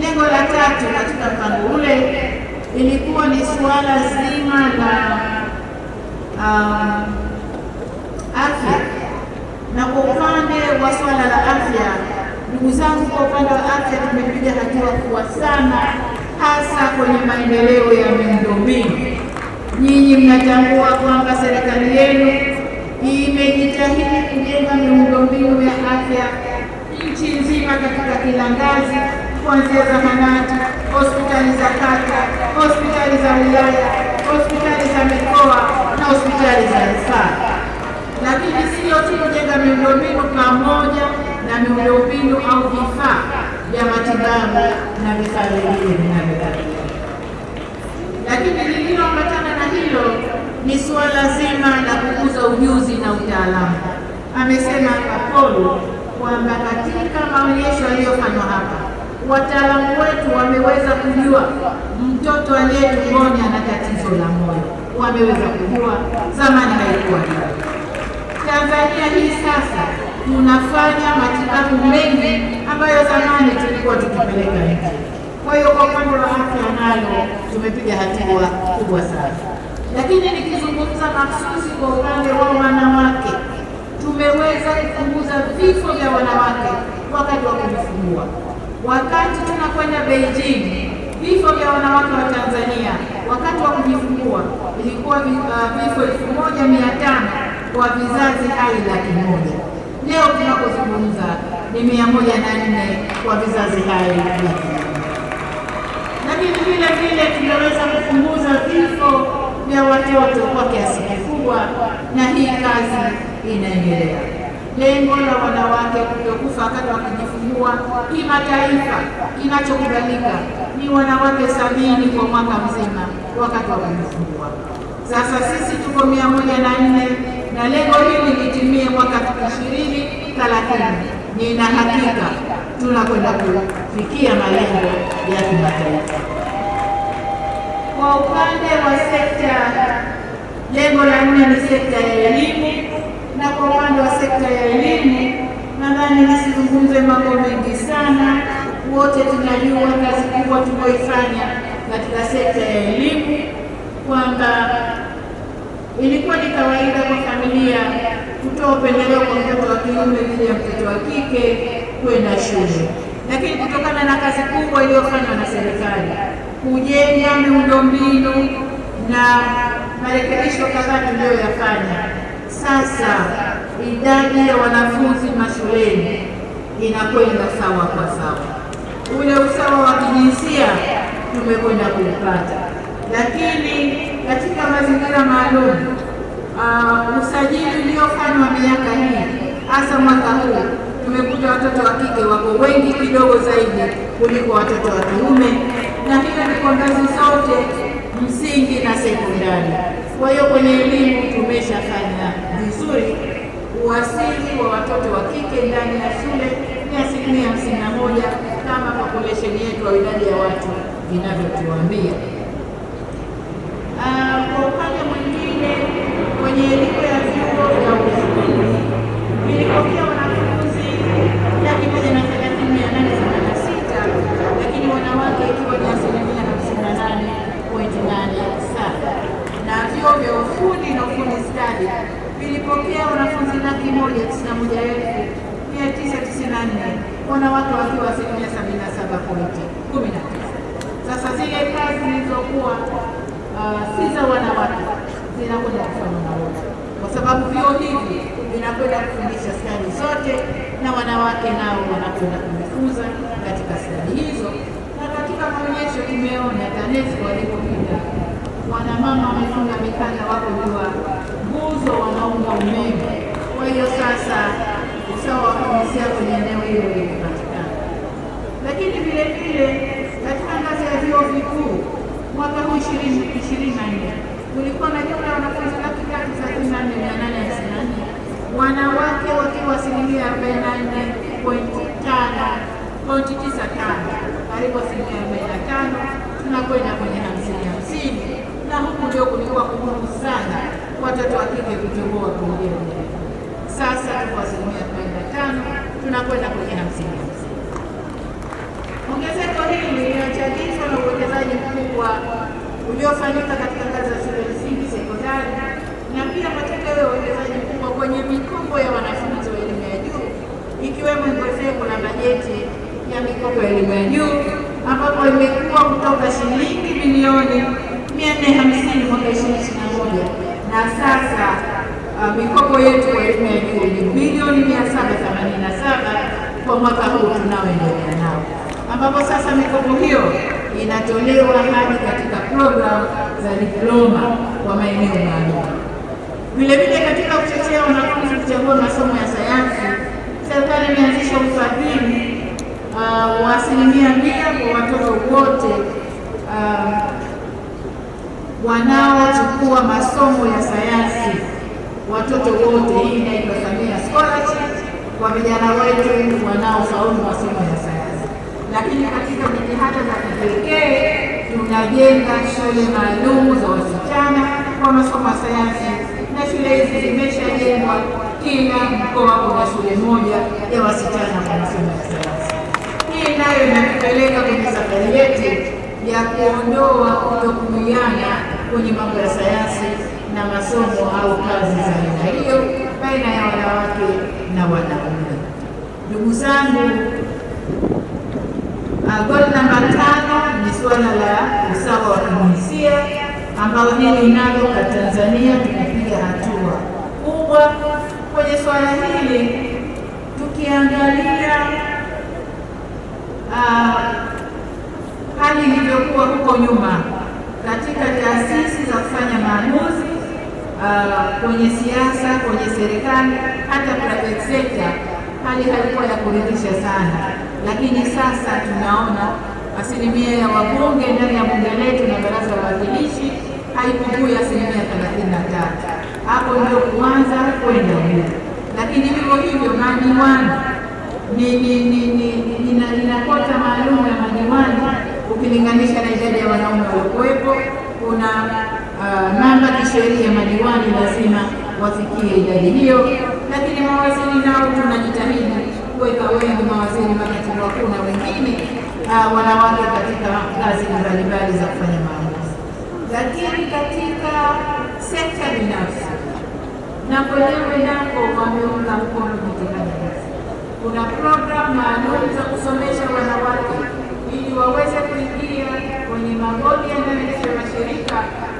Lengo la tatu katika mpango ule ilikuwa ni suala zima la uh, afya, na kwa upande wa suala la afya, ndugu zangu, kwa upande wa afya tumepiga hatua kubwa sana, hasa kwenye maendeleo ya miundombinu. Nyinyi mnatambua kwamba serikali yenu imejitahidi kujenga miundombinu ya afya nchi nzima katika kila ngazi kuanzia zahanati, hospitali za kata, hospitali za wilaya, hospitali za mikoa na hospitali za rufaa. Lakini sio tu kujenga miundombinu pamoja na miundombinu au vifaa vya matibabu na vifaa vingine vinavyotakiwa. Lakini lililoambatana na hilo ni suala zima la kukuza ujuzi na utaalamu. Amesema Apolo kwamba katika maonyesho yaliyofanywa hapa wataalamu wetu wameweza kujua mtoto tumboni ana tatizo la moyo, wameweza kujua. Zamani haikuwa hivyo. Tanzania hii sasa tunafanya matibabu mengi ambayo zamani tulikuwa tukipeleka nje. Kwa hiyo kwa upande wa afya nalo tumepiga hatua kubwa sana, lakini nikizungumza mahususi kwa upande wa wanawake, tumeweza kupunguza vifo vya wanawake wakati wa kujifungua wakati tunakwenda Beijing, vifo vya wanawake wa Tanzania wakati wa kujifungua vilikuwa uh, vifo elfu moja mia tano kwa vizazi hai laki moja. Leo tunapozungumza ni mia moja na nne kwa vizazi hai laki moja, lakini vile vile tunaweza kupunguza vifo vya watoto kwa kiasi kikubwa, na hii kazi inaendelea lengo la wanawake waliokufa wakati wakijifungua kimataifa kinachokubalika ni wanawake sabini kwa mwaka mzima wakati wakijifungua. Sasa sisi tuko mia moja na nne na lengo hili litimie mwaka ishirini thelathini. Nina hakika tunakwenda kufikia malengo ya kimataifa. Kwa upande wa sekta, lengo la nne ni sekta ya elimu na kwa upande wa sekta ya elimu, nadhani nisizungumze mambo mengi sana. Wote tunajua kazi kubwa tulioifanya katika sekta ya elimu, kwamba ilikuwa ni kawaida kwa familia kutoa upendeleo kwa mtoto wa kiume dhidi ya mtoto wa kike kwenda shule, lakini kutokana na kazi kubwa iliyofanywa na serikali kujenga miundombinu na marekebisho kadhaa tuliyoyafanya sasa idadi ya wanafunzi mashuleni inakwenda sawa kwa sawa. Ule usawa wa kijinsia tumekwenda kuupata, lakini katika mazingira maalum uh, usajili uliofanywa miaka hii hasa mwaka huu tumekuta watoto wa kike wako wengi kidogo zaidi kuliko watoto wa kiume, na hiyo ni kwa ngazi zote, msingi na sekondari. Kwa hiyo kwenye elimu tumeshafanya vizuri. Uwasili wa watoto wa kike ndani ya shule ni asilimia hamsini na moja kama population yetu au idadi ya watu vinavyotuambia. Ah, kwa upande mwingine, kwenye elimu ya vyuo vya ufundi vilipokea wanafunzi laki moja na thelathini mia nane wanawake wakiwa asilimia sabini na saba pointi kumi na tisa. Sasa zile kazi zilizokuwa uh, si za wanawake zinakwenda kufanywa na wote, kwa sababu vyo hivi vinakwenda kufundisha stadi zote na wanawake nao wanakwenda kujifunza katika stadi hizo. Na katika maonyesho tumeona TANESCO walipopita wanamama wamefunga mikanda, wako jua nguzo wanaunga umeme. Kwa hiyo sasa usawa wa kwenye eneo hilo lakini vile vile katika ngazi ya vyuo vikuu mwaka huu ishirini na nne kulikuwa na jumla ya wanafunzi laki tatu thelathini na nne mia nane hamsini na nne wanawake wakiwa asilimia arobaini na nne pointi tano pointi tisa tano karibu asilimia arobaini na tano tunakwenda kwenye hamsini hamsini na huku ndio kulikuwa kugumu sana watoto wa kike kuchagua wakiingia sasa tuko asilimia arobaini na tano tunakwenda kwenye hamsini hamsini Ongezeko hili linachagizwa na uwekezaji mkubwa uliofanyika katika ngazi za shule msingi, sekondari na pia matokeo ya uwekezaji mkubwa kwenye mikopo ya wanafunzi wa elimu ya juu, ikiwemo ongezeko la bajeti ya mikopo ya elimu ya juu ambapo imekuwa kutoka shilingi milioni 450 mwaka 2021 na sasa uh, mikopo yetu ya elimu ya juu ni bilioni 787 kwa mwaka huu tunaoendelea nao ambapo sasa mikopo hiyo inatolewa hadi katika programu za diploma kwa maeneo maalum. Vilevile, katika kuchochea wanafunzi kuchagua masomo ya sayansi, serikali imeanzisha ufadhili uh, wa asilimia mia kwa watoto wote uh, wanaochukua masomo ya sayansi, watoto wote. Hii inaitwa Samia Scholarship kwa vijana wetu wanaofaulu masomo ya lakini katika jitihada za kipekee tunajenga shule maalum za wasichana kwa masomo ya sayansi, na shule hizi zimeshajengwa, kila mkoa kuna shule moja ya wasichana kwa masomo ya sayansi. Hii nayo inatupeleka kwenye safari yetu ya kuondoa kutokuwiana kwenye mambo ya sayansi na masomo au kazi za aina hiyo baina ya wanawake na wanaume. Ndugu zangu na namba tano ni suala la usawa wa kijinsia ambalo hili nalo kwa Tanzania tukipiga hatua kubwa kwenye suala hili. Tukiangalia ah, hali ilivyokuwa huko nyuma katika taasisi za kufanya maamuzi uh, kwenye siasa, kwenye serikali, hata private sector, hali halikuwa ya kuridhisha sana lakini sasa tunaona asilimia ya wabunge ndani ya bunge letu na baraza la wawakilishi haikujui asilimia thelathini na tatu. Hapo ndio kuanza kwenda juu, lakini hivyo hivyo madiwani ina kota maalum ya madiwani ukilinganisha na idadi ya wanaume waliokuwepo. Kuna uh, namba kisheria madiwani lazima wafikie idadi hiyo, lakini mawaziri nao tunajitahidi kuweka wengi mawaziri, makatibu wakuu na wengine ah, wanawake katika kazi mbalimbali za kufanya maamuzi. Lakini katika sekta binafsi na kwenyewe nako wameunga mkono jitihada hizi. Kuna programu maalum za kusomesha wanawake ili waweze kuingia kwenye mabodi ya mashirika